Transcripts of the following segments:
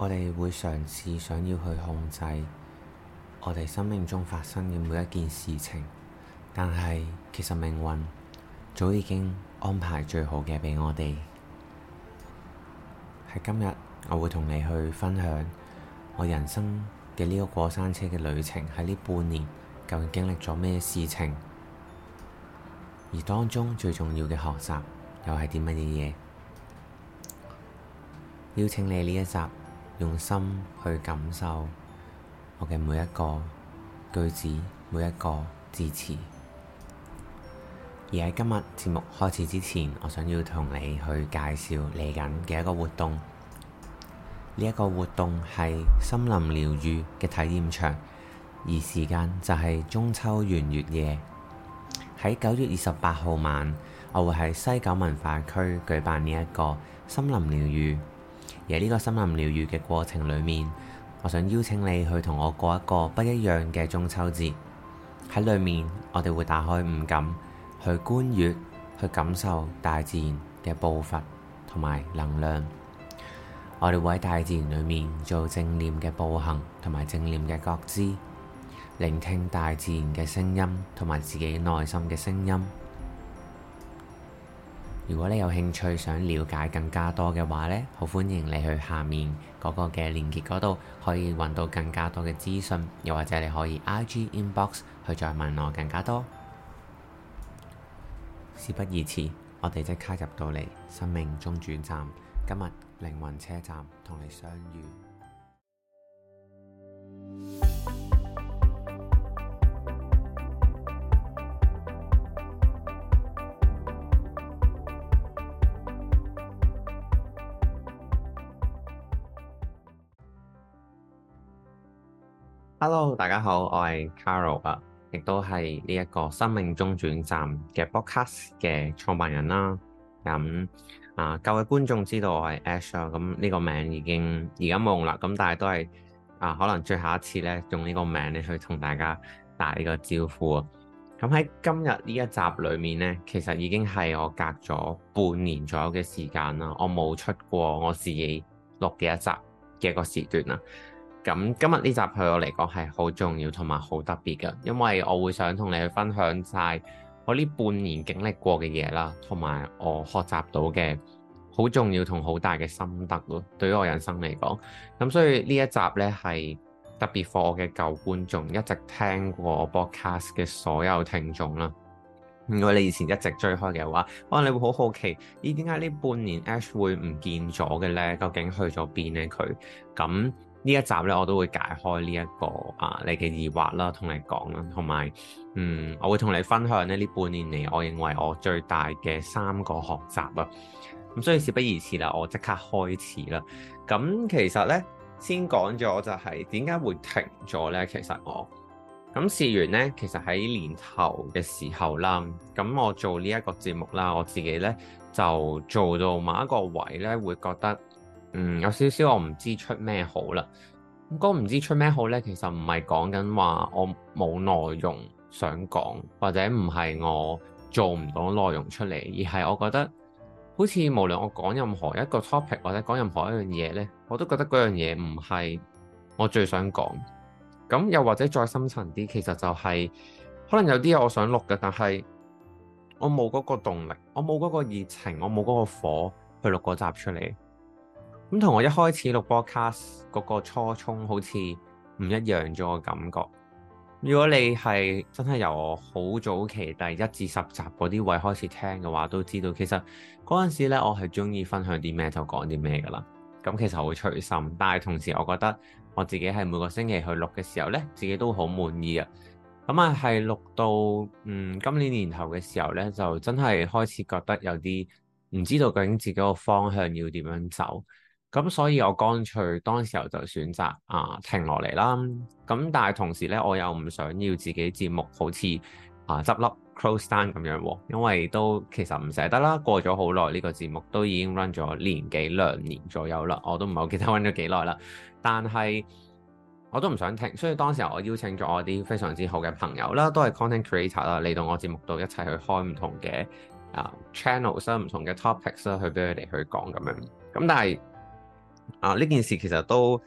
我哋會嘗試想要去控制我哋生命中發生嘅每一件事情，但係其實命運早已經安排最好嘅畀我哋。喺今日，我會同你去分享我人生嘅呢個過山車嘅旅程，喺呢半年究竟經歷咗咩事情，而當中最重要嘅學習又係啲乜嘢嘢？邀請你呢一集。用心去感受我嘅每一個句子，每一個字詞。而喺今日節目開始之前，我想要同你去介紹嚟緊嘅一個活動。呢一個活動係森林療愈嘅體驗場，而時間就係中秋圓月夜。喺九月二十八號晚，我會喺西九文化區舉辦呢一個森林療愈。而喺呢個森林療癒嘅過程裏面，我想邀請你去同我過一個不一樣嘅中秋節。喺裏面，我哋會打開五感去觀月，去感受大自然嘅步伐同埋能量。我哋會喺大自然裏面做正念嘅步行同埋正念嘅覺知，聆聽大自然嘅聲音同埋自己內心嘅聲音。如果你有興趣想了解更加多嘅話呢，好歡迎你去下面嗰個嘅連結嗰度，可以揾到更加多嘅資訊，又或者你可以 IG inbox 去再問我更加多。事不宜遲，我哋即刻入到嚟生命中轉站，今日靈魂車站同你相遇。Hello，大家好，我係 Kyro 啊，亦都係呢一個生命中轉站嘅 Podcast 嘅創辦人啦。咁啊，各位觀眾知道我係 Ash 啊，咁呢個名已經而家冇用啦。咁但係都係啊，可能最後一次咧用呢個名咧去同大家打呢個招呼啊。咁喺今日呢一集裏面咧，其實已經係我隔咗半年左右嘅時間啦。我冇出過我自己錄嘅一集嘅個時段啦。咁今日呢集對我嚟講係好重要同埋好特別嘅，因為我會想同你去分享曬我呢半年經歷過嘅嘢啦，同埋我學習到嘅好重要同好大嘅心得咯。對於我人生嚟講，咁所以呢一集呢係特別 for 我嘅舊觀眾一直聽過我 podcast 嘅所有聽眾啦。如果你以前一直追開嘅話，可、啊、能你會好好奇咦點解呢半年 Ash 會唔見咗嘅呢？究竟去咗邊呢？佢？咁呢一集咧，我都會解開呢、這、一個啊，你嘅疑惑啦，同你講啦，同埋嗯，我會同你分享咧，呢半年嚟，我認為我最大嘅三個學習啊，咁所以事不宜遲啦，我即刻開始啦。咁其實咧，先講咗就係點解會停咗咧？其實我咁事緣咧，其實喺年頭嘅時候啦，咁我做呢一個節目啦，我自己咧就做到某一個位咧，會覺得。嗯，有少少我唔知出咩好啦。咁講唔知出咩好呢？其實唔係講緊話我冇內容想講，或者唔係我做唔到內容出嚟，而係我覺得好似無論我講任何一個 topic 或者講任何一樣嘢呢，我都覺得嗰樣嘢唔係我最想講。咁又或者再深層啲，其實就係、是、可能有啲嘢我想錄嘅，但係我冇嗰個動力，我冇嗰個熱情，我冇嗰個火去錄嗰集出嚟。咁同我一開始錄波 o c a s t 嗰個初衷好似唔一樣咗嘅感覺。如果你係真係由我好早期第一至十集嗰啲位開始聽嘅話，都知道其實嗰陣時咧，我係中意分享啲咩就講啲咩噶啦。咁其實好隨心，但係同時我覺得我自己係每個星期去錄嘅時候呢，自己都好滿意啊。咁啊，係錄到嗯今年年頭嘅時候呢，就真係開始覺得有啲唔知道究竟自己個方向要點樣走。咁、嗯、所以，我乾脆當時候就選擇啊停落嚟啦。咁但係同時咧，我又唔想要自己節目好似啊執笠 close down 咁樣喎，因為都其實唔捨得啦。過咗好耐，呢個節目都已經 run 咗年幾兩年左右啦。我都唔係好記得 run 咗幾耐啦。但係我都唔想停，所以當時候我邀請咗我啲非常之好嘅朋友啦，都係 content creator 啦，嚟到我節目度一齊去開唔同嘅啊 channel，開唔同嘅 topics 啦，去俾佢哋去講咁樣。咁但係。啊！呢件事其實都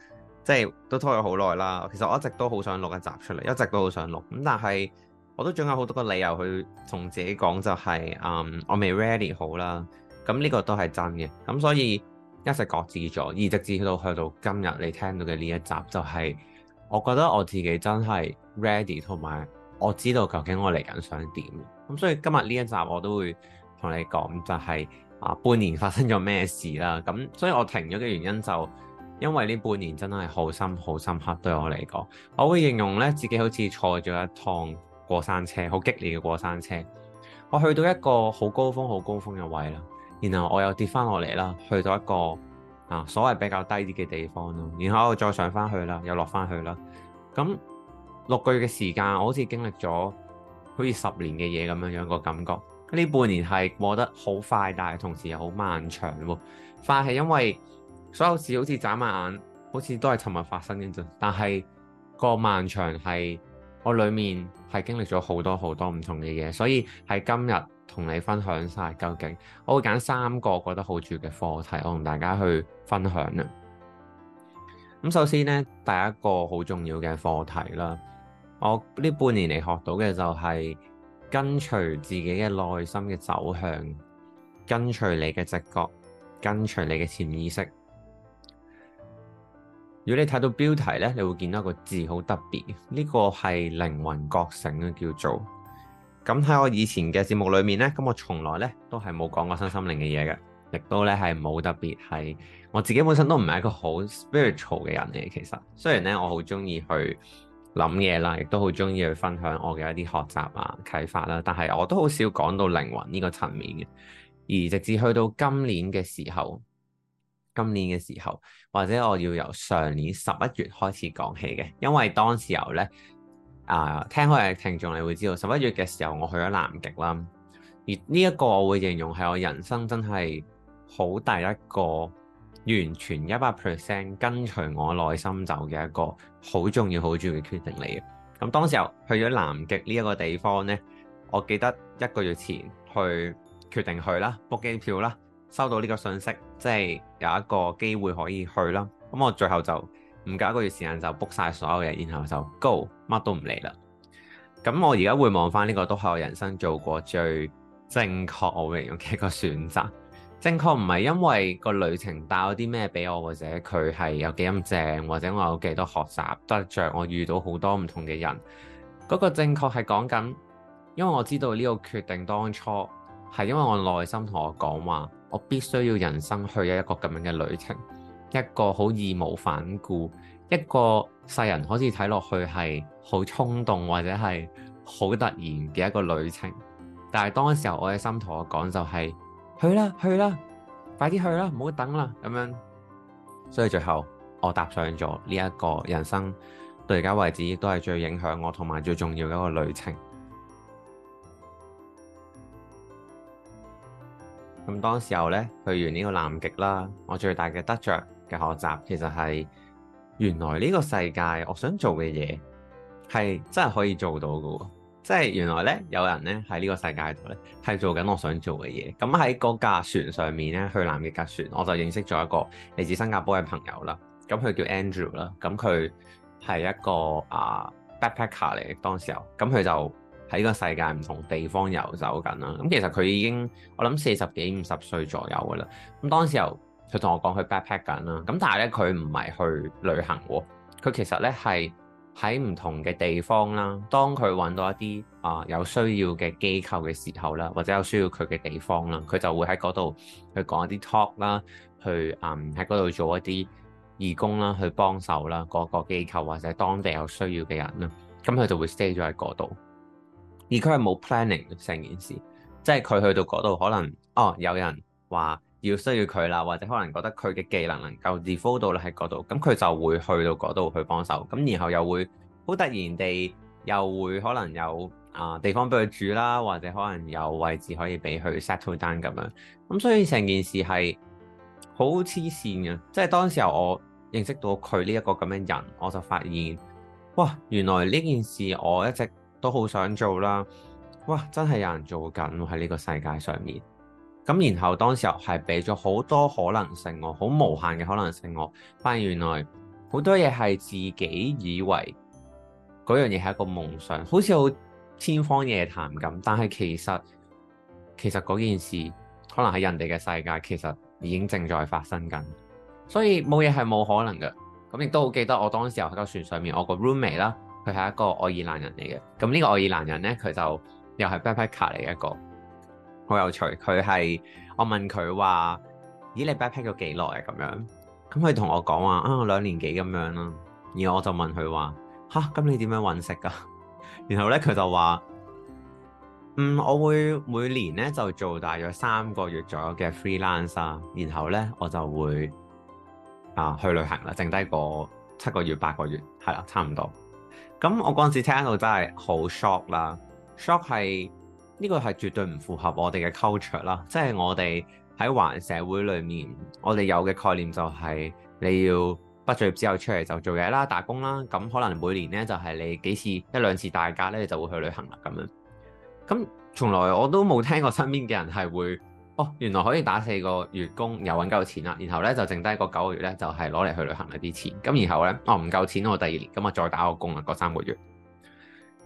即係都拖咗好耐啦。其實我一直都好想錄一集出嚟，一直都好想錄。咁但係我都總有好多個理由去同自己講、就係，就係嗯我未 ready 好啦。咁呢個都係真嘅。咁所以一直擱置咗，而直至到去到今日，你聽到嘅呢一集就係我覺得我自己真係 ready，同埋我知道究竟我嚟緊想點。咁所以今日呢一集我都會同你講，就係、係。啊，半年發生咗咩事啦？咁所以我停咗嘅原因就因為呢半年真係好深好深刻對我嚟講，我會形容咧自己好似坐咗一趟過山車，好激烈嘅過山車。我去到一個好高峰、好高峰嘅位啦，然後我又跌翻落嚟啦，去到一個啊所謂比較低啲嘅地方咯，然後我再上翻去啦，又落翻去啦。咁六個月嘅時間，我好似經歷咗好似十年嘅嘢咁樣樣個感覺。呢半年係過得好快，但係同時又好漫長。快係因為所有事好似眨下眼，好似都係尋日發生嘅啫。但係個漫長係我裏面係經歷咗好多好多唔同嘅嘢，所以喺今日同你分享晒究竟，我會揀三個覺得好重要嘅課題，我同大家去分享啊。咁首先咧，第一個好重要嘅課題啦，我呢半年嚟學到嘅就係、是。跟隨自己嘅內心嘅走向，跟隨你嘅直覺，跟隨你嘅潛意識。如果你睇到標題呢，你會見到一個字好特別，呢個係靈魂覺醒啊，叫做。咁喺我以前嘅節目裏面呢，咁我從來呢都係冇講過身心靈嘅嘢嘅，亦都呢係冇特別係我自己本身都唔係一個好 spiritual 嘅人嚟，其實雖然呢，我好中意去。諗嘢啦，亦都好中意去分享我嘅一啲學習啊、啟發啦、啊。但係我都好少講到靈魂呢個層面嘅。而直至去到今年嘅時候，今年嘅時候，或者我要由上年十一月開始講起嘅，因為當時候呢，啊、呃，聽開嘅聽眾你會知道，十一月嘅時候我去咗南極啦。而呢一個我會形容係我人生真係好大一個。完全一百 percent 跟隨我內心走嘅一個好重要、好重要嘅決定嚟嘅。咁當時候去咗南極呢一個地方呢，我記得一個月前去決定去啦，book 機票啦，收到呢個信息，即係有一個機會可以去啦。咁我最後就唔夠一個月時間就 book 曬所有嘢，然後就 go，乜都唔理啦。咁我而家會望翻、這、呢個都係我人生做過最正確、我認為嘅一個選擇。正確唔係因為個旅程帶咗啲咩俾我，或者佢係有幾咁正，或者我有幾多學習，得著我遇到好多唔同嘅人。嗰、那個正確係講緊，因為我知道呢個決定當初係因為我內心同我講話，我必須要人生去有一個咁樣嘅旅程，一個好義無反顧，一個世人好似睇落去係好衝動或者係好突然嘅一個旅程。但係當時候我嘅心同我講就係、是。去啦，去啦，快啲去啦，唔好等啦，咁樣。所以最後我踏上咗呢一個人生，到而家為止都係最影響我同埋最重要嘅一個旅程。咁當時候咧去完呢個南極啦，我最大嘅得着嘅學習，其實係原來呢個世界，我想做嘅嘢係真係可以做到噶。即係原來咧，有人咧喺呢個世界度咧，係做緊我想做嘅嘢。咁喺嗰架船上面咧，去南極架船，我就認識咗一個嚟自新加坡嘅朋友啦。咁佢叫 Andrew 啦，咁佢係一個啊 backpacker 嚟。嘅、呃 er。當時候，咁佢就喺個世界唔同地方遊走緊啦。咁其實佢已經我諗四十幾五十歲左右噶啦。咁當時候佢同我講佢 backpack 緊、er、啦。咁但係咧，佢唔係去旅行喎，佢其實咧係。喺唔同嘅地方啦，當佢揾到一啲啊、呃、有需要嘅機構嘅時候啦，或者有需要佢嘅地方啦，佢就會喺嗰度去講一啲 talk 啦，去嗯喺嗰度做一啲義工啦，去幫手啦嗰個機構或者當地有需要嘅人啦，咁佢就會 stay 咗喺嗰度，而佢係冇 planning 成件事，即係佢去到嗰度可能哦有人話，要需要佢啦，或者可能覺得佢嘅技能能夠 default 到喺嗰度，咁佢就會去到嗰度去幫手，咁然後又會好突然地又會可能有啊地方俾佢住啦，或者可能有位置可以俾佢 settle down 咁樣，咁所以成件事係好黐線嘅，即係當時候我認識到佢呢一個咁樣人，我就發現哇，原來呢件事我一直都好想做啦，哇，真係有人做緊喺呢個世界上面。咁然後當時候係俾咗好多可能性我，好無限嘅可能性我。發現原來好多嘢係自己以為嗰樣嘢係一個夢想，好似好天方夜譚咁。但係其實其實嗰件事可能喺人哋嘅世界，其實已經正在發生緊。所以冇嘢係冇可能嘅。咁亦都好記得我當時候喺個船上面，我個 roommate 啦，佢係一個愛爾蘭人嚟嘅。咁呢個愛爾蘭人咧，佢就又係 backpacker 嚟嘅一個。好有趣，佢係，我問佢話，咦，你 backpack 咗幾耐啊？咁樣，咁佢同我講話，啊兩年幾咁樣啦、啊。而我就問佢話，吓，咁你點樣揾食噶？然後咧佢就話，嗯，我會每年咧就做大約三個月左右嘅 freelance，然後咧我就會啊去旅行啦，剩低個七個月八個月係啦，差唔多。咁、嗯、我嗰陣時聽到真係好 shock 啦，shock 係。呢個係絕對唔符合我哋嘅 culture 啦，即係我哋喺華人社會裏面，我哋有嘅概念就係、是、你要畢咗業之後出嚟就做嘢啦，打工啦，咁、嗯、可能每年呢，就係、是、你幾次一兩次大假呢，你就會去旅行啦咁樣。咁、嗯、從來我都冇聽過身邊嘅人係會哦，原來可以打四個月工又揾夠錢啦，然後呢，就剩低個九個月呢，就係攞嚟去旅行嗰啲錢，咁然後呢，我唔夠錢我第二年咁啊再打個工啊嗰三個月。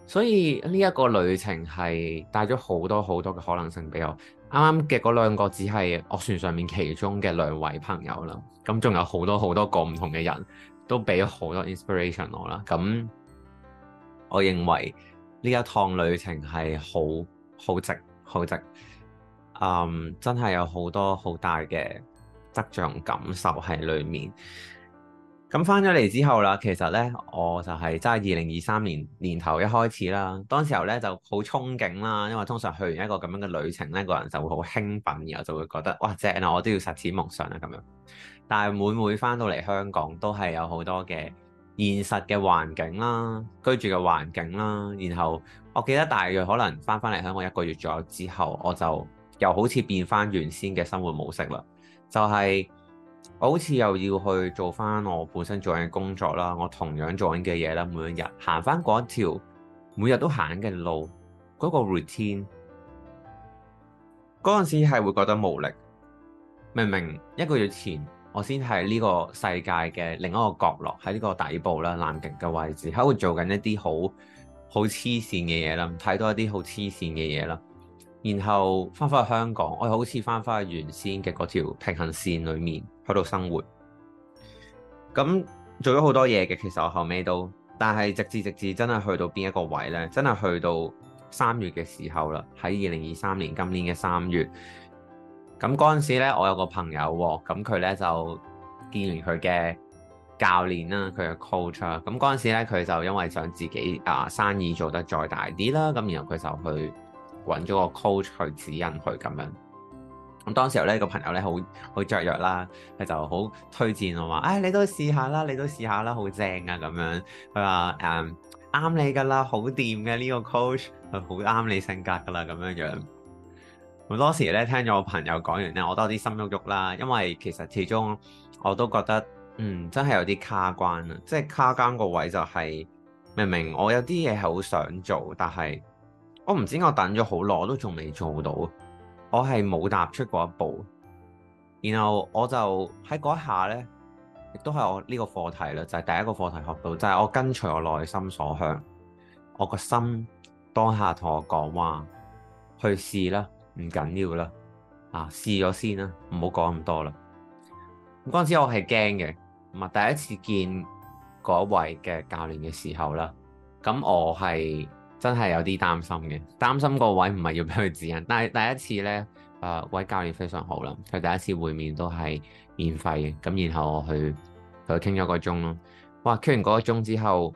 所以呢一個旅程係帶咗好多好多嘅可能性俾我，啱啱嘅嗰兩個只係樂船上面其中嘅兩位朋友啦，咁仲有好多好多個唔同嘅人都俾咗好多 inspiration 我啦，咁我認為呢一趟旅程係好好值好值，嗯，um, 真係有好多好大嘅得着感受喺裏面。咁翻咗嚟之後啦，其實呢，我就係真係二零二三年年頭一開始啦，當時候呢，就好憧憬啦，因為通常去完一個咁樣嘅旅程呢個人就會好興奮，然後就會覺得哇，正啊，我都要實踐夢想啦咁樣。但係每每翻到嚟香港，都係有好多嘅現實嘅環境啦，居住嘅環境啦，然後我記得大約可能翻翻嚟香港一個月左右之後，我就又好似變翻原先嘅生活模式啦，就係。我好似又要去做翻我本身做緊嘅工作啦，我同樣做緊嘅嘢啦，每一日行翻嗰一條，每日都行緊嘅路，嗰、嗰個 routine，嗰陣時係會覺得無力。明明一個月前，我先係呢個世界嘅另一個角落，喺呢個底部啦，南極嘅位置，喺度做緊一啲好好黐線嘅嘢啦，睇到一啲好黐線嘅嘢啦。然後翻返去香港，我好似翻返去原先嘅嗰條平衡線裏面喺度生活。咁做咗好多嘢嘅，其實我後尾都，但係直至直至真係去到邊一個位呢？真係去到三月嘅時候啦，喺二零二三年今年嘅三月。咁嗰陣時呢，我有個朋友喎，咁佢呢就見完佢嘅教練啦，佢嘅 coach。咁嗰陣時呢，佢就因為想自己啊、呃、生意做得再大啲啦，咁然後佢就去。搵咗個 coach 去指引佢咁樣，咁當時候咧、這個朋友咧好好雀躍啦，佢就好推薦我話，唉、哎，你都試下啦，你都試下啦，好正啊！咁樣佢話，嗯，啱你噶啦，好掂嘅呢個 coach，佢好啱你性格噶啦，咁樣樣。咁當時咧聽咗我朋友講完咧，我都有啲心喐喐啦，因為其實始終我都覺得，嗯，真係有啲卡關啊，即係卡關個位就係、是、明明我有啲嘢係好想做，但係。我唔知我等咗好耐，我都仲未做到，我係冇踏出過一步。然後我就喺嗰一下呢，亦都係我呢個課題啦，就係第一個課題學到，就係我跟隨我內心所向，我個心當下同我講話，去試啦，唔緊要啦，啊，試咗先啦，唔好講咁多啦。嗰陣時我係驚嘅，咁啊第一次見嗰位嘅教練嘅時候啦，咁我係。真係有啲擔心嘅，擔心個位唔係要俾佢指引，但係第一次呢、呃，位教練非常好啦，佢第一次會面都係免費嘅，咁然後我去佢傾咗個鐘咯，哇傾完嗰個鐘之後，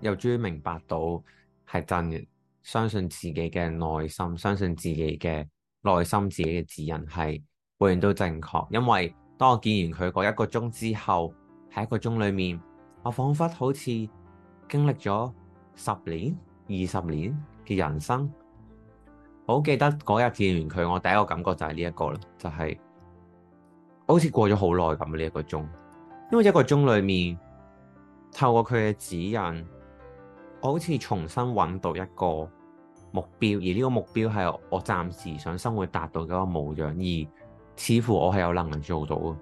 又終於明白到係真嘅，相信自己嘅內心，相信自己嘅內心自己嘅指引係永遠都正確，因為當我見完佢嗰一個鐘之後，喺一個鐘裡面，我彷彿好似經歷咗。十年、二十年嘅人生，我好記得嗰日見完佢，我第一個感覺就係呢一個啦，就係、我、好似過咗好耐咁呢一個鐘，因為一個鐘裏面透過佢嘅指引，我好似重新揾到一個目標，而呢個目標係我暫時想生活達到嘅一個模樣，而似乎我係有能力做到嘅。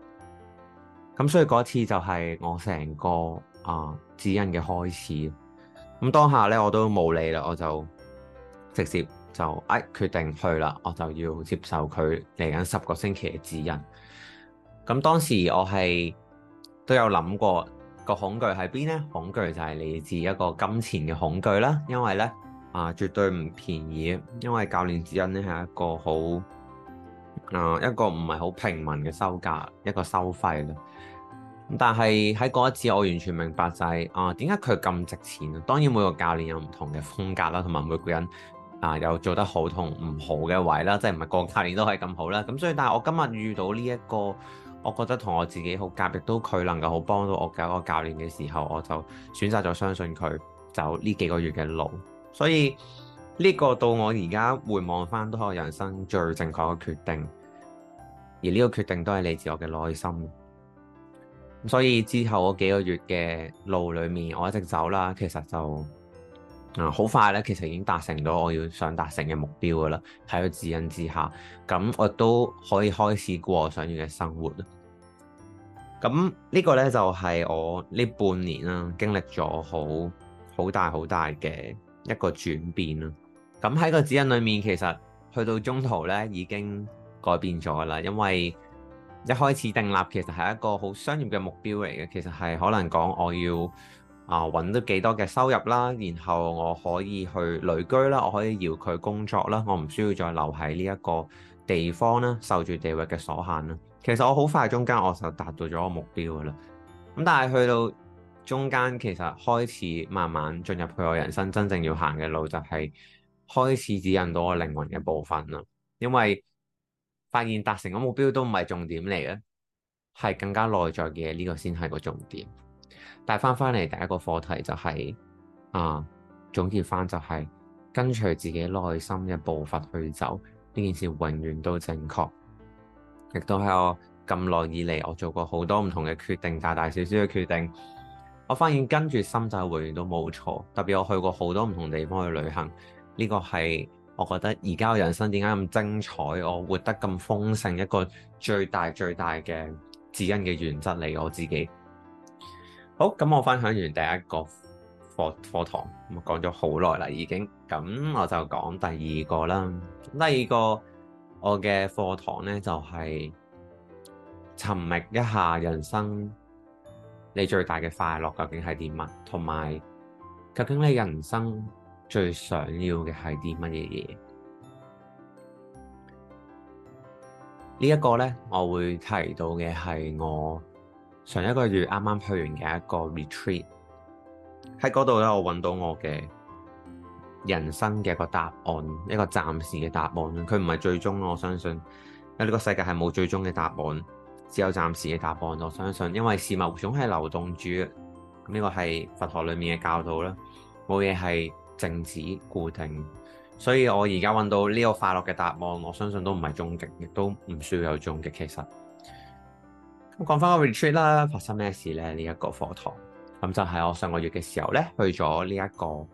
咁所以嗰次就係我成個啊、呃、指引嘅開始。咁當下咧，我都冇理啦，我就直接就哎決定去啦，我就要接受佢嚟緊十個星期嘅指引。咁當時我係都有諗過個恐懼喺邊呢？恐懼就係嚟自一個金錢嘅恐懼啦，因為呢，啊、呃、絕對唔便宜，因為教練指引呢係一個好啊、呃、一個唔係好平民嘅收價，一個收費。但係喺嗰一次，我完全明白就係啊，點解佢咁值錢啊？當然每個教練有唔同嘅風格啦，同埋每個人啊有做得好同唔好嘅位啦，即係唔係個教練都係咁好啦。咁所以，但係我今日遇到呢一個，我覺得同我自己好夾，亦都佢能夠好幫到我嘅一個教練嘅時候，我就選擇咗相信佢走呢幾個月嘅路。所以呢個到我而家回望翻，都係我人生最正確嘅決定。而呢個決定都係嚟自我嘅內心。所以之後嗰幾個月嘅路裡面，我一直走啦。其實就啊，好、嗯、快咧，其實已經達成咗我要想達成嘅目標噶啦。喺個指引之下，咁我都可以開始過我想要嘅生活。咁呢個咧就係、是、我呢半年啦、啊，經歷咗好好大好大嘅一個轉變啦。咁喺個指引裏面，其實去到中途咧已經改變咗啦，因為。一開始訂立其實係一個好商業嘅目標嚟嘅，其實係可能講我要啊呃、揾到幾多嘅收入啦，然後我可以去旅居啦，我可以遙距工作啦，我唔需要再留喺呢一個地方啦，受住地域嘅所限啦。其實我好快中間我就達到咗個目標噶啦。咁但係去到中間，其實開始慢慢進入去我人生真正要行嘅路，就係開始指引到我靈魂嘅部分啦，因為。發現達成個目標都唔係重點嚟嘅，係更加內在嘅呢、這個先係個重點。但係翻翻嚟第一個課題就係、是、啊、嗯，總結翻就係、是、跟隨自己內心嘅步伐去走，呢件事永遠都正確。亦都係我咁耐以嚟，我做過好多唔同嘅決定，大大小小嘅決定，我發現跟住心就永遠都冇錯。特別我去過好多唔同地方去旅行，呢、這個係。我覺得而家嘅人生點解咁精彩，我活得咁豐盛，一個最大最大嘅指引嘅原則嚟我自己。好，咁我分享完第一個課課堂，咁講咗好耐啦，已經。咁我就講第二個啦。第二個我嘅課堂咧就係尋覓一下人生你最大嘅快樂究竟係啲乜，同埋究竟你人生。最想要嘅係啲乜嘢嘢？這個、呢一個咧，我會提到嘅係我上一個月啱啱去完嘅一個 retreat，喺嗰度咧，我揾到我嘅人生嘅個答案，一個暫時嘅答案。佢唔係最終，我相信，因為呢個世界係冇最終嘅答案，只有暫時嘅答案。我相信，因為事物總係流動住，呢、這個係佛學裏面嘅教導啦，冇嘢係。靜止固定，所以我而家揾到呢個快樂嘅答案，我相信都唔係終極，亦都唔需要有終極。其實咁講翻個 retreat 啦，發生咩事呢？呢、這、一個課堂咁就係我上個月嘅時候呢，去咗呢一個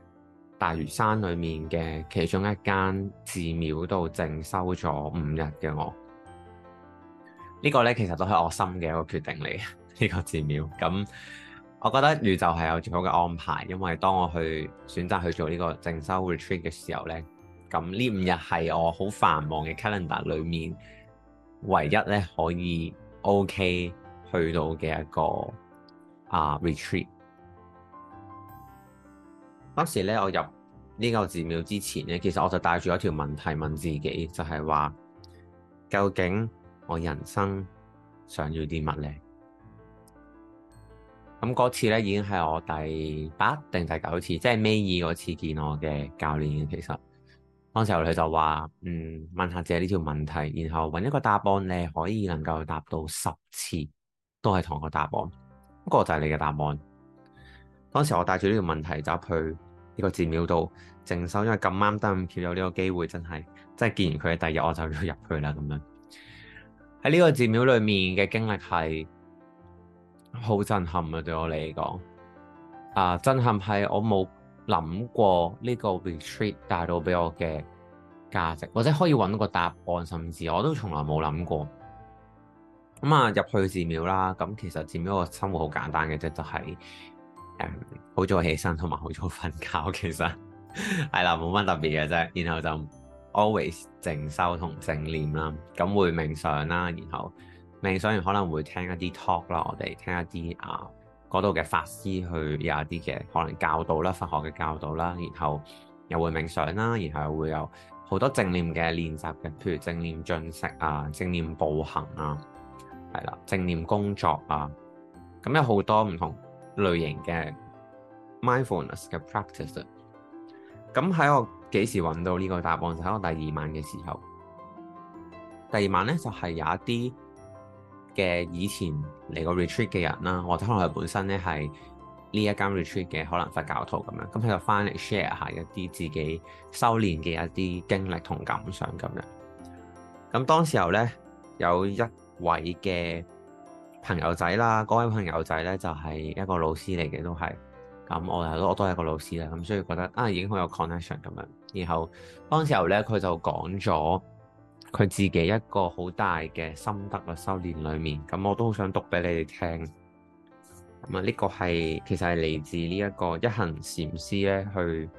大嶼山裏面嘅其中一間寺廟度靜修咗五日嘅我。呢、這個呢，其實都係我心嘅一個決定嚟，呢、這個寺廟咁。我覺得宇宙係有最好嘅安排，因為當我去選擇去做呢個靜修 retreat 嘅時候呢，咁呢五日係我好繁忙嘅 calendar 裏面，唯一呢可以 OK 去到嘅一個啊 retreat。當時呢，我入呢個寺廟之前呢，其實我就帶住一條問題問自己，就係話「究竟我人生想要啲乜呢？」咁嗰、嗯、次咧，已經係我第八定第九次，即係尾二嗰次見我嘅教練。其實當時候佢就話：嗯，問下自己呢條問題，然後揾一個答案，你可以能夠答到十次都係同一個答案。咁、嗰個就係你嘅答案。當時我帶住呢條問題走去呢個寺廟度靜修，因為咁啱得咁巧有呢個機會，真係即係見完佢嘅第二日我就要入去啦咁樣。喺呢個寺廟裏面嘅經歷係，好震撼啊！對我嚟講，啊、uh，震撼係我冇諗過呢個 retreat 帶到俾我嘅價值，或者可以揾到個答案，甚至我都從來冇諗過。咁、嗯、啊，入去寺廟啦，咁其實寺廟個生活好簡單嘅啫，就係、是、好、um，早起身同埋好早瞓覺。其實係 啦，冇乜特別嘅啫。然後就 always 靜修同靜念啦，咁會冥想啦，然後。冥想完可能會聽一啲 talk 啦，我哋聽一啲啊嗰度嘅法師去有一啲嘅可能教導啦，法學嘅教導啦，然後又會冥想啦，然後會有好多正念嘅練習嘅，譬如正念進食啊、正念步行啊，係啦，正念工作啊，咁有好多唔同類型嘅 mindfulness 嘅 practice。咁喺我幾時揾到呢個答案就喺、是、我第二晚嘅時候，第二晚咧就係、是、有一啲。嘅以前嚟過 retreat 嘅人啦，我睇可能佢本身咧係呢一間 retreat 嘅，可能佛教徒咁樣，咁佢就翻嚟 share 下一啲自己修練嘅一啲經歷同感想咁樣。咁當時候咧有一位嘅朋友仔啦，嗰位朋友仔咧就係一個老師嚟嘅都係，咁我係都我都係一個老師啦，咁所以覺得啊已經好有 connection 咁樣。然後當時候咧佢就講咗佢自己一個好大嘅心得嘅修練裏面，咁我都好想讀畀你哋聽。咁啊，呢個係其實係嚟自呢一個一行禪師咧去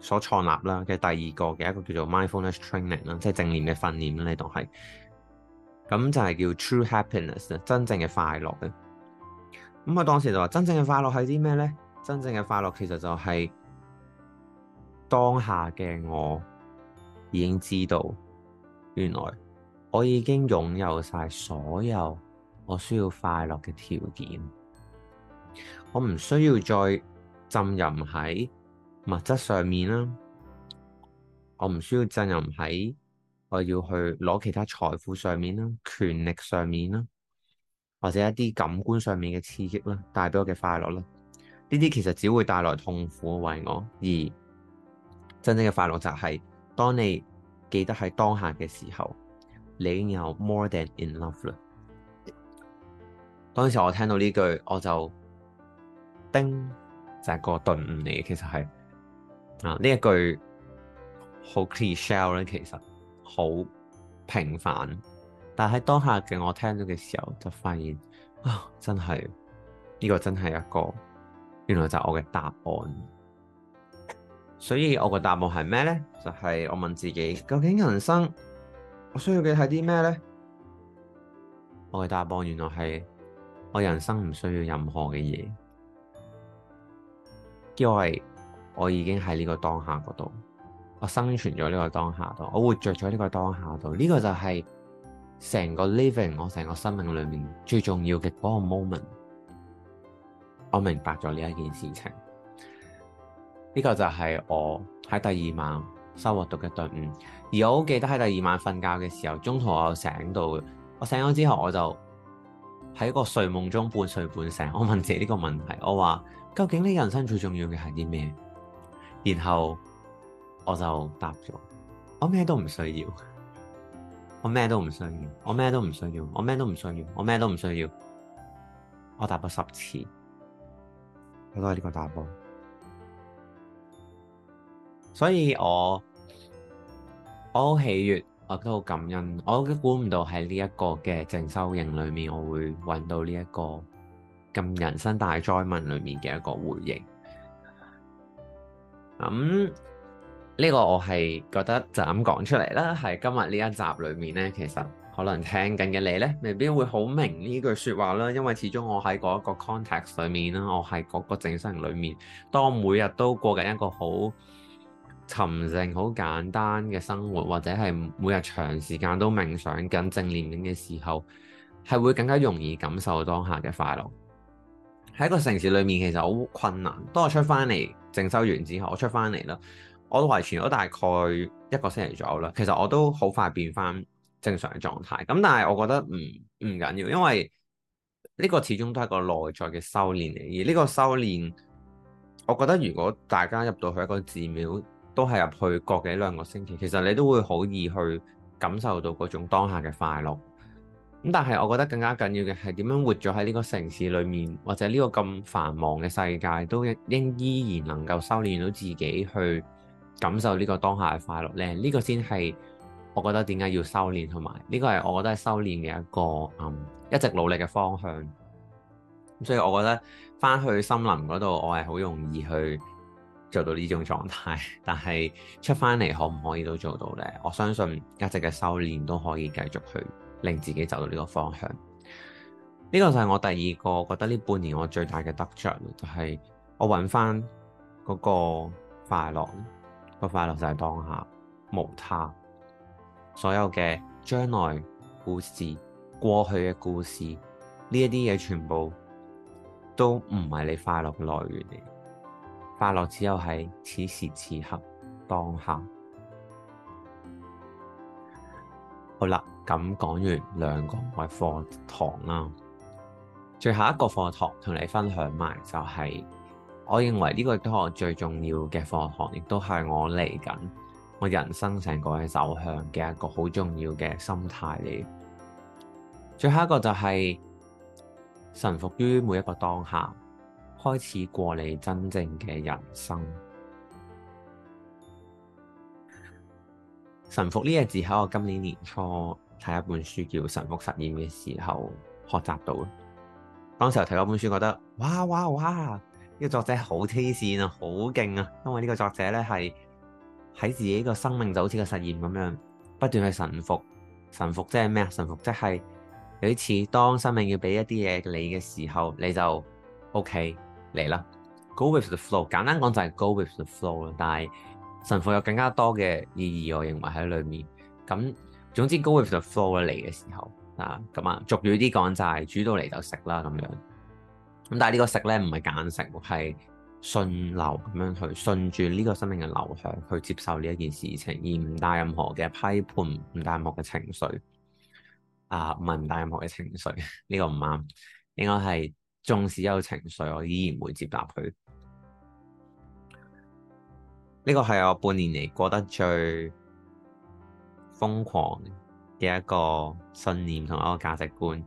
所創立啦嘅第二個嘅一,一個叫做 Mindfulness Training 啦，即係正念嘅訓練啦，呢度係。咁就係叫 True Happiness 啦，真正嘅快樂嘅。咁啊，當時就話真正嘅快樂係啲咩咧？真正嘅快樂其實就係當下嘅我。已經知道，原來我已經擁有晒所有我需要快樂嘅條件，我唔需要再浸淫喺物質上面啦，我唔需要浸淫喺我要去攞其他財富上面啦、權力上面啦，或者一啲感官上面嘅刺激啦，帶俾我嘅快樂啦，呢啲其實只會帶來痛苦為我，而真正嘅快樂就係、是。當你記得喺當下嘅時候，你已經有 more than in love 啦。當時我聽到呢句，我就，叮，就是、一個頓悟嚟。其實係啊，呢一句好 crucial 咧，其實好平凡，但喺當下嘅我聽到嘅時候，就發現啊，真係呢、這個真係一個，原來就是我嘅答案。所以我個答案係咩咧？就係我問自己，究竟人生我需要嘅係啲咩咧？我嘅答案原來係我人生唔需要任何嘅嘢，因為我已經喺呢個當下嗰度，我生存咗呢個當下度，我活着咗呢個當下度。呢個就係成個 living 我成個生命裏面最重要嘅嗰個 moment。我明白咗呢一件事情。呢個就係我喺第二晚收穫到嘅頓悟，而我好記得喺第二晚瞓覺嘅時候，中途我醒到，我醒咗之後，我就喺個睡夢中半睡半醒，我問自己呢個問題，我話究竟你人生最重要嘅係啲咩？然後我就答咗，我咩都唔需要，我咩都唔需要，我咩都唔需要，我咩都唔需要，我咩都唔需要，我答咗十次，我都係呢個答案。所以我我好喜悅，我都好感恩。我都估唔到喺呢一個嘅靜修營裏面，我會揾到呢一個咁人生大災難裏面嘅一個回應。咁、嗯、呢、呢個我係覺得就咁講出嚟啦。喺今日呢一集裏面呢，其實可能聽緊嘅你呢，未必會好明呢句説話啦，因為始終我喺嗰一個 context 裏面啦，我喺嗰個靜修營裏面，當每日都過緊一個好沉靜好簡單嘅生活，或者係每日長時間都冥想緊正念緊嘅時候，係會更加容易感受當下嘅快樂。喺一個城市裏面，其實好困難。當我出翻嚟靜修完之後，我出翻嚟啦，我都維持咗大概一個星期左右啦。其實我都好快變翻正常嘅狀態。咁但係我覺得唔唔緊要，因為呢個始終都係一個內在嘅修煉嚟。而呢個修煉，我覺得如果大家入到去一個寺廟，都係入去過幾兩個星期，其實你都會好易去感受到嗰種當下嘅快樂。咁但係我覺得更加緊要嘅係點樣活咗喺呢個城市裏面，或者呢個咁繁忙嘅世界，都應依然能夠修煉到自己去感受呢個當下嘅快樂咧。呢個先係我覺得點解要修煉，同埋呢個係我覺得係修煉嘅一個嗯，一直努力嘅方向。所以我覺得翻去森林嗰度，我係好容易去。做到呢種狀態，但係出翻嚟可唔可以都做到呢？我相信一直嘅修煉都可以繼續去令自己走到呢個方向。呢、這個就係我第二個覺得呢半年我最大嘅得着，就係、是、我揾翻嗰個快樂，個快樂就係當下，無他。所有嘅將來故事、過去嘅故事，呢一啲嘢全部都唔係你快樂嘅來源。快樂只有係此時此刻當下。好啦，咁講完兩個課堂啦，最後一個課堂同你分享埋就係、是，我認為呢個都係我最重要嘅課堂，亦都係我嚟緊我人生成個走向嘅一個好重要嘅心態嚟。最後一個就係臣服於每一個當下。開始過你真正嘅人生。臣服呢個字喺我今年年初睇一本書叫《臣服實驗》嘅時候學習到。當時候睇嗰本書覺得哇哇哇，呢、這個作者好黐綫啊，好勁啊！因為呢個作者咧係喺自己個生命就好似個實驗咁樣，不斷去臣服。臣服即係咩啊？臣服即係有一次當生命要俾一啲嘢你嘅時候，你就 OK。嚟啦，go with the flow，簡單講就係 go with the flow 啦。但係神父有更加多嘅意義，我認為喺裏面。咁總之，go with the flow 嚟嘅時候啊，咁啊，俗語啲講就係煮到嚟就食啦咁樣。咁但係呢個食咧唔係揀食，係順流咁樣去順住呢個生命嘅流向去接受呢一件事情，而唔帶任何嘅批判，唔帶任何嘅情緒啊，唔係唔帶任何嘅情緒。呢 個唔啱，應該係。縱使有情緒，我依然會接納佢。呢個係我半年嚟過得最瘋狂嘅一個信念、同一個價值觀。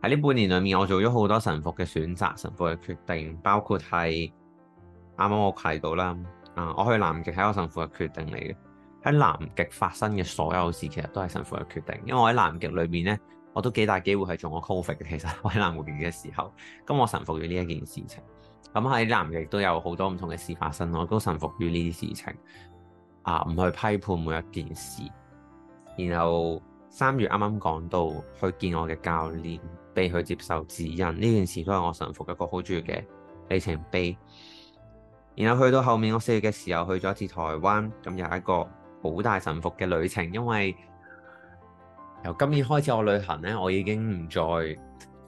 喺呢半年裏面，我做咗好多臣服嘅選擇、臣服嘅決定，包括係啱啱我提到啦。啊，我去南極係一個臣服嘅決定嚟嘅。喺南極發生嘅所有事，其實都係臣服嘅決定。因為我喺南極裏面咧。我都幾大機會係中咗 Covid 嘅，其實喺南極嘅時候，咁我臣服於呢一件事情。咁、嗯、喺南極都有好多唔同嘅事發生，我都臣服於呢啲事情。啊，唔去批判每一件事。然後三月啱啱講到去見我嘅教練，被佢接受指引呢件事，都係我臣服一個好重要嘅里程碑。然後去到後面，我四月嘅時候去咗一次台灣，咁又一個好大臣服嘅旅程，因為，由今年開始，我旅行咧，我已經唔再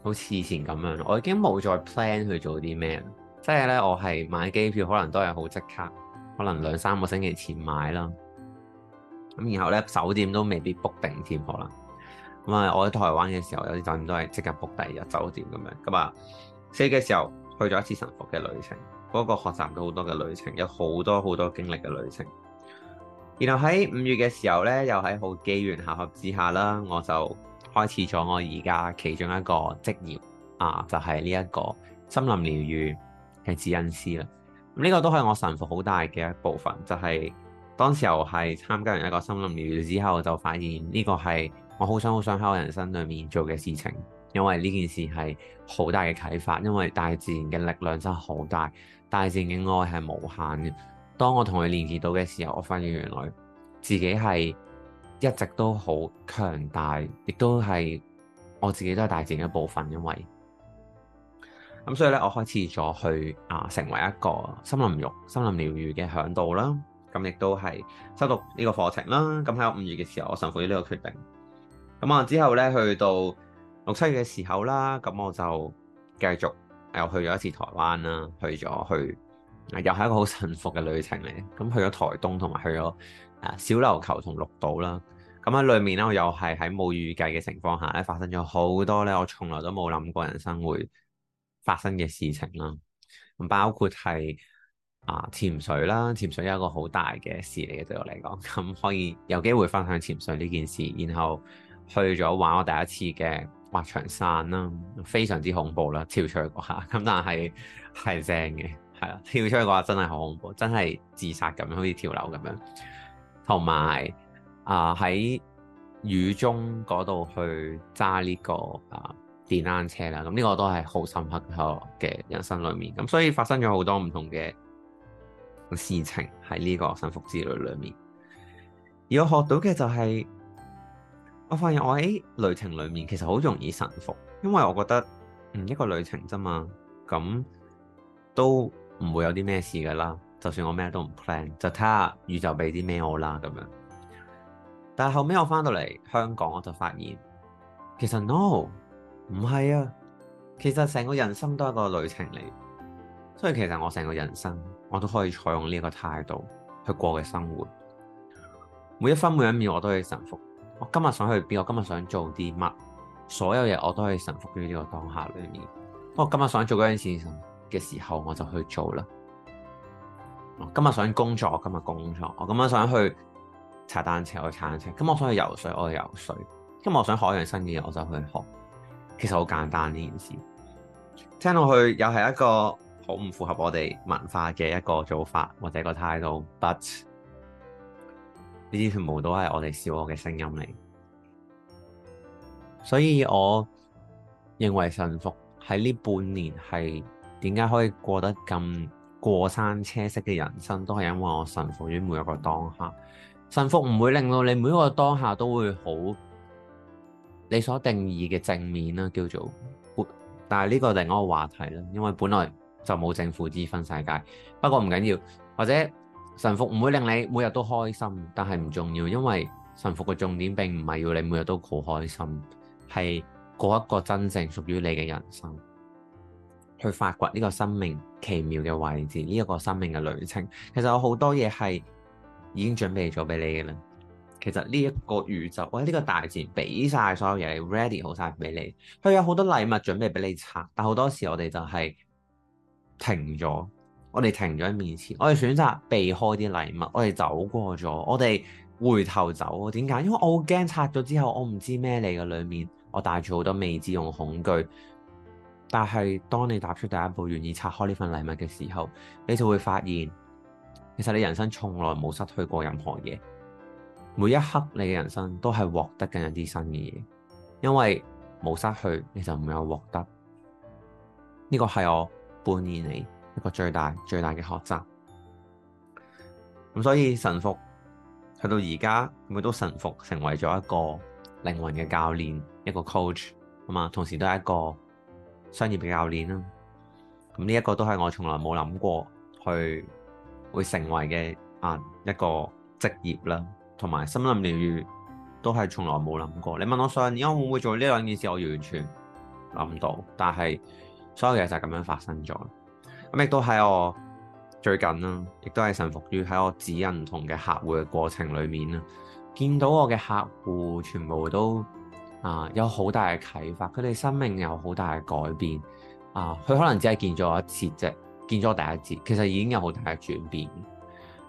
好似以前咁樣。我已經冇再 plan 去做啲咩，即係咧，我係買機票可能都係好即刻，可能兩三個星期前買啦。咁然後咧，酒店都未必 book 定添可能。咁啊，我喺台灣嘅時候有啲酒店都係即刻 book 第二日酒店咁樣。咁啊，四嘅時候去咗一次臣服嘅旅程，嗰、那個學習到好多嘅旅程，有好多好多經歷嘅旅程。然後喺五月嘅時候呢，又喺好機緣巧合之下啦，我就開始咗我而家其中一個職業啊，就係呢一個森林療癒嘅指引師啦。呢、呢個都係我神服好大嘅一部分，就係、是、當時候係參加完一個森林療癒之後，就發現呢個係我好想好想喺我人生裡面做嘅事情，因為呢件事係好大嘅啟發，因為大自然嘅力量真係好大，大自然嘅愛係無限嘅。當我同佢連結到嘅時候，我發現原來自己係一直都好強大，亦都係我自己都係大自然嘅一部分。因為咁，所以咧我開始咗去啊、呃、成為一個森林浴、森林療癒嘅嚮導啦。咁亦都係修讀呢個課程啦。咁喺五月嘅時候，我臣服咗呢個決定。咁啊之後咧，去到六七月嘅時候啦，咁我就繼續又去咗一次台灣啦，去咗去。又係一個好神服嘅旅程嚟，咁去咗台東同埋去咗啊小琉球同綠島啦。咁喺裏面咧，我又係喺冇預計嘅情況下咧，發生咗好多咧，我從來都冇諗過人生會發生嘅事情啦。咁包括係啊潛水啦，潛水有一個好大嘅事嚟嘅，對我嚟講，咁可以有機會分享潛水呢件事。然後去咗玩我第一次嘅滑翔傘啦，非常之恐怖啦，跳出去嗰下，咁但係係正嘅。跳出去嘅話真係好恐怖，真係自殺咁樣，好似跳樓咁樣。同埋啊，喺雨中嗰度去揸呢、呢個啊、呃、電單車啦，咁呢個都係好深刻我嘅人生裏面。咁所以發生咗好多唔同嘅事情喺呢個神服之旅裏面。而我學到嘅就係、是，我發現我喺旅程裏面其實好容易神服，因為我覺得嗯一個旅程啫嘛，咁都。唔會有啲咩事噶啦，就算我咩都唔 plan，就睇下宇宙俾啲咩我啦咁樣。但係後尾我翻到嚟香港，我就發現其實 no 唔係啊，其實成個人生都係個旅程嚟，所以其實我成個人生，我都可以採用呢一個態度去過嘅生活。每一分每一秒我都可以臣服。我今日想去邊，我今日想做啲乜，所有嘢我都可以臣服於呢個當下裏面。我今日想做嗰件事嘅時候我就去做啦。我今日想工作，今工作，我今日工作；我今日想去踩單車，我去踩單車；咁我想去游水，我去游水。今日我想學一樣新嘅嘢，我就去學。其實好簡單呢件事，聽落去又係一個好唔符合我哋文化嘅一個做法或者個態度。But 呢啲全部都係我哋小我嘅聲音嚟，所以我認為臣服喺呢半年係。點解可以過得咁過山車式嘅人生？都係因為我臣服於每一個當下。臣服唔會令到你每一個當下都會好你所定義嘅正面啦，叫做……但係呢個另一個話題啦，因為本來就冇正負之分世界。不過唔緊要，或者臣服唔會令你每日都開心，但係唔重要，因為臣服嘅重點並唔係要你每日都好開心，係過一個真正屬於你嘅人生。去發掘呢個生命奇妙嘅位置，呢一個生命嘅旅程，其實有好多嘢係已經準備咗俾你嘅啦。其實呢一個宇宙，或者呢個大自然，俾晒所有嘢 ready 好晒俾你，佢有好多禮物準備俾你拆。但好多時我哋就係停咗，我哋停咗喺面前，我哋選擇避開啲禮物，我哋走過咗，我哋回頭走。點解？因為我好驚拆咗之後，我唔知咩嚟嘅裏面，我帶住好多未知同恐懼。但係，當你踏出第一步，願意拆開呢份禮物嘅時候，你就會發現，其實你人生從來冇失去過任何嘢，每一刻你嘅人生都係獲得緊一啲新嘅嘢，因為冇失去，你就唔會有獲得。呢個係我半年嚟一個最大最大嘅學習。咁所以臣，臣服去到而家，我都臣服成為咗一個靈魂嘅教練，一個 coach 啊嘛，同時都係一個。商業嘅教練啦，咁呢一個都係我從來冇諗過去會成為嘅啊一個職業啦，同埋森林療癒都係從來冇諗過。你問我上年，我會唔會做呢兩件事？我完全諗唔到，但係所有嘢就係咁樣發生咗。咁亦都喺我最近啦，亦都係臣服於喺我指引唔同嘅客戶嘅過程裡面啦，見到我嘅客戶全部都。啊，有好大嘅啟發，佢哋生命有好大嘅改變。啊，佢可能只係見咗一次啫，見咗第一次，其實已經有好大嘅轉變。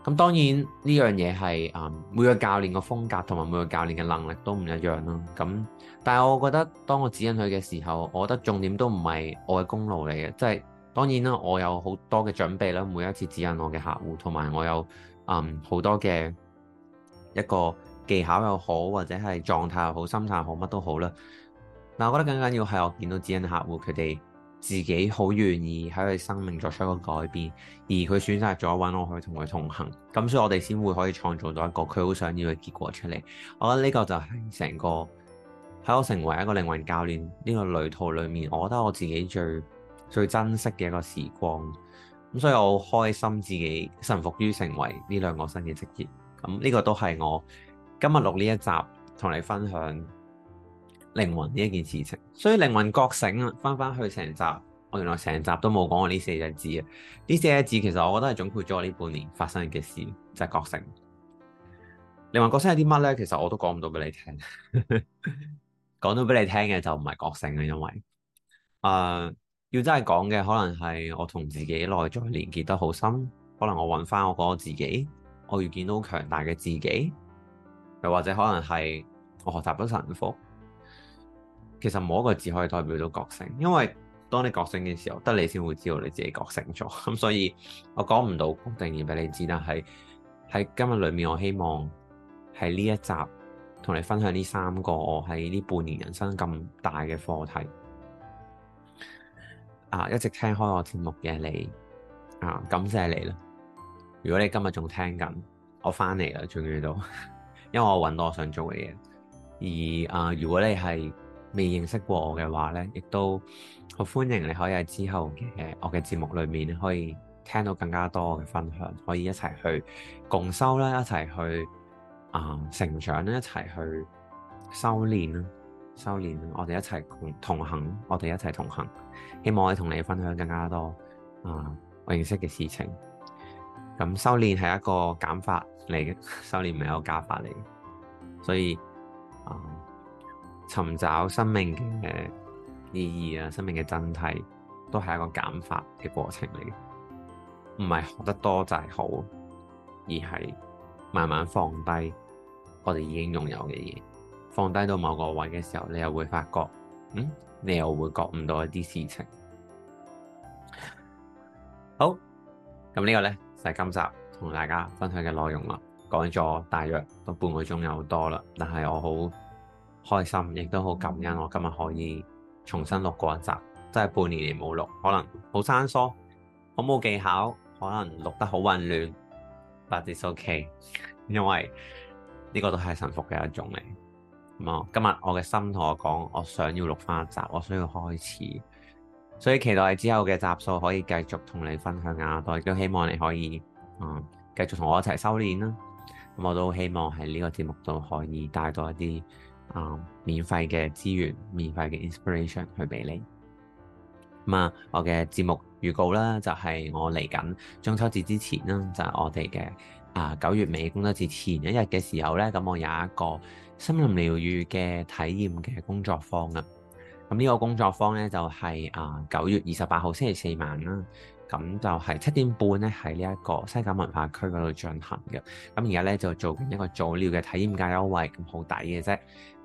咁當然呢樣嘢係啊，每個教練個風格同埋每個教練嘅能力都唔一樣啦。咁，但係我覺得當我指引佢嘅時候，我覺得重點都唔係我嘅功勞嚟嘅，即係當然啦，我有好多嘅準備啦，每一次指引我嘅客戶同埋我有嗯好多嘅一個。技巧又好，或者係狀態又好，心態好，乜都好啦。嗱，我覺得更緊要係我見到指引客戶，佢哋自己好願意喺佢生命作出一個改變，而佢選擇咗揾我去同佢同行。咁所以我哋先會可以創造到一個佢好想要嘅結果出嚟。我覺得呢個就係成個喺我成為一個靈魂教練呢個旅途裏面，我覺得我自己最最珍惜嘅一個時光。咁所以我好開心自己臣服於成為呢兩個新嘅職業。咁呢個都係我今日錄呢一集，同你分享靈魂呢件事情。所以靈魂覺醒啊，翻翻去成集，我原來成集都冇講過呢四隻字啊。呢四隻字其實我覺得係總括咗我呢半年發生嘅事，就係、是、覺醒。靈魂覺醒係啲乜咧？其實我都講唔到俾你聽，講 到俾你聽嘅就唔係覺醒啊。因為誒、uh, 要真係講嘅，可能係我同自己內在連結得好深，可能我揾翻我自己，我遇見到強大嘅自己。又或者可能係我學習到神科。其實冇一個字可以代表到覺醒，因為當你覺醒嘅時候，得你先會知道你自己覺醒咗。咁、嗯、所以我講唔到，我定義俾你知。但係喺今日裏面，我希望喺呢一集同你分享呢三個我喺呢半年人生咁大嘅課題。啊，一直聽開我節目嘅你，啊，感謝你啦！如果你今日仲聽緊，我翻嚟啦，仲喺度。因為我揾到我想做嘅嘢，而啊、呃，如果你係未認識過我嘅話咧，亦都好歡迎你可以喺之後嘅我嘅節目裏面可以聽到更加多我嘅分享，可以一齊去共修啦，一齊去啊、呃、成長啦，一齊去修練啦，修練，我哋一齊共同行，我哋一齊同行，希望可以同你分享更加多啊、呃、我認識嘅事情。咁修練係一個減法嚟嘅，修練唔係一個加法嚟嘅，所以啊，尋找生命嘅意義啊，生命嘅真諦，都係一個減法嘅過程嚟嘅。唔係學得多就係好，而係慢慢放低我哋已經擁有嘅嘢，放低到某個位嘅時候，你又會發覺，嗯，你又會覺悟到一啲事情。好，咁呢個咧。就係今集同大家分享嘅內容啦，講咗大約都半個鐘有多啦。但係我好開心，亦都好感恩，我今日可以重新錄過一集，真係半年嚟冇錄，可能好生疏，好冇技巧，可能錄得好混亂，but it's OK。因為呢個都係神服嘅一種嚟。咁啊，今日我嘅心同我講，我想要錄返一集，我需要開始。所以期待之後嘅集數可以繼續同你分享啊，我亦都希望你可以啊、嗯、繼續同我一齊修煉啦。咁、嗯、我都希望喺呢個節目度可以帶多一啲啊、嗯、免費嘅資源、免費嘅 inspiration 去俾你。咁、嗯、啊，我嘅節目預告啦，就係、是、我嚟緊中秋節之前啦，就係、是、我哋嘅啊九月尾中秋節前一日嘅時候咧，咁、嗯、我有一個森林療癒嘅體驗嘅工作坊啊。咁呢個工作坊呢，就係啊九月二十八號星期四晚啦，咁、嗯、就係七點半呢，喺呢一個西九文化區嗰度進行嘅。咁而家呢，就做緊一個早鳥嘅體驗價優惠，咁好抵嘅啫。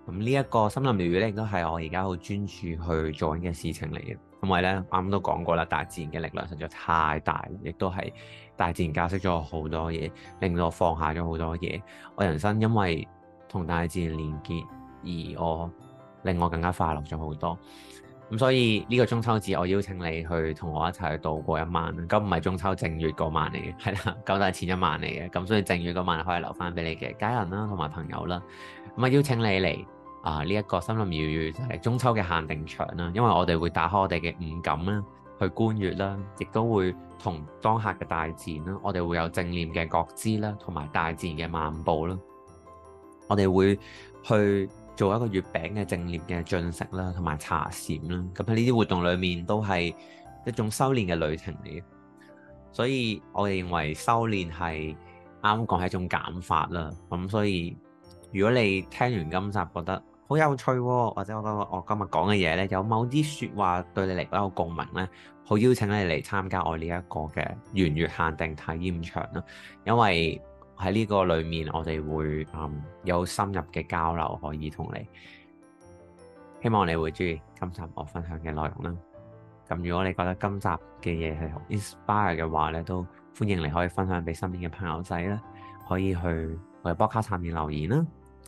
咁呢一個森林療癒呢，亦都係我而家好專注去做緊嘅事情嚟嘅，因為呢，啱啱都講過啦，大自然嘅力量實在太大啦，亦都係大自然教識咗我好多嘢，令到我放下咗好多嘢。我人生因為同大自然連結而我。令我更加快樂咗好多，咁所以呢、這個中秋節，我邀請你去同我一齊去度過一晚。咁唔係中秋正月嗰晚嚟嘅，係啦，九大前一晚嚟嘅，咁所以正月嗰晚可以留翻俾你嘅家人啦、啊，同埋朋友啦。咁啊，我邀請你嚟啊呢一、這個森林療癒就係中秋嘅限定場啦、啊，因為我哋會打開我哋嘅五感啦、啊，去觀月啦、啊，亦都會同當下嘅大自然啦、啊，我哋會有正念嘅覺知啦、啊，同埋大自然嘅漫步啦、啊，我哋會去。做一個月餅嘅正念嘅進食啦，同埋茶禪啦，咁喺呢啲活動裏面都係一種修練嘅旅程嚟嘅。所以我認為修練係啱講係一種減法啦。咁所以如果你聽完今集覺得好有趣，或者我覺得我今日講嘅嘢咧有某啲説話對你嚟講有共鳴咧，好邀請你嚟參加我呢一個嘅圓月限定體驗場啦，因為。喺呢個裏面，我哋會嗯有深入嘅交流，可以同你，希望你會中意今集我分享嘅內容啦。咁如果你覺得今集嘅嘢係 inspire 嘅話咧，都歡迎你可以分享俾身邊嘅朋友仔啦。可以去我嘅博客上面留言啦，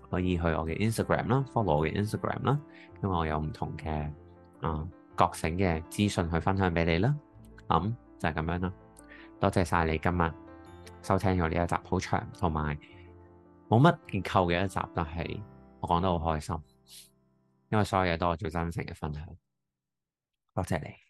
可以去我嘅 Instagram 啦，follow 我嘅 Instagram 啦，因為我有唔同嘅啊覺醒嘅資訊去分享俾你啦。咁就係咁樣啦。多謝曬你今日收聽咗呢一集，好長同埋冇乜結構嘅一集，但係我講得好開心，因為所有嘢都係我最真誠嘅分享，多謝你。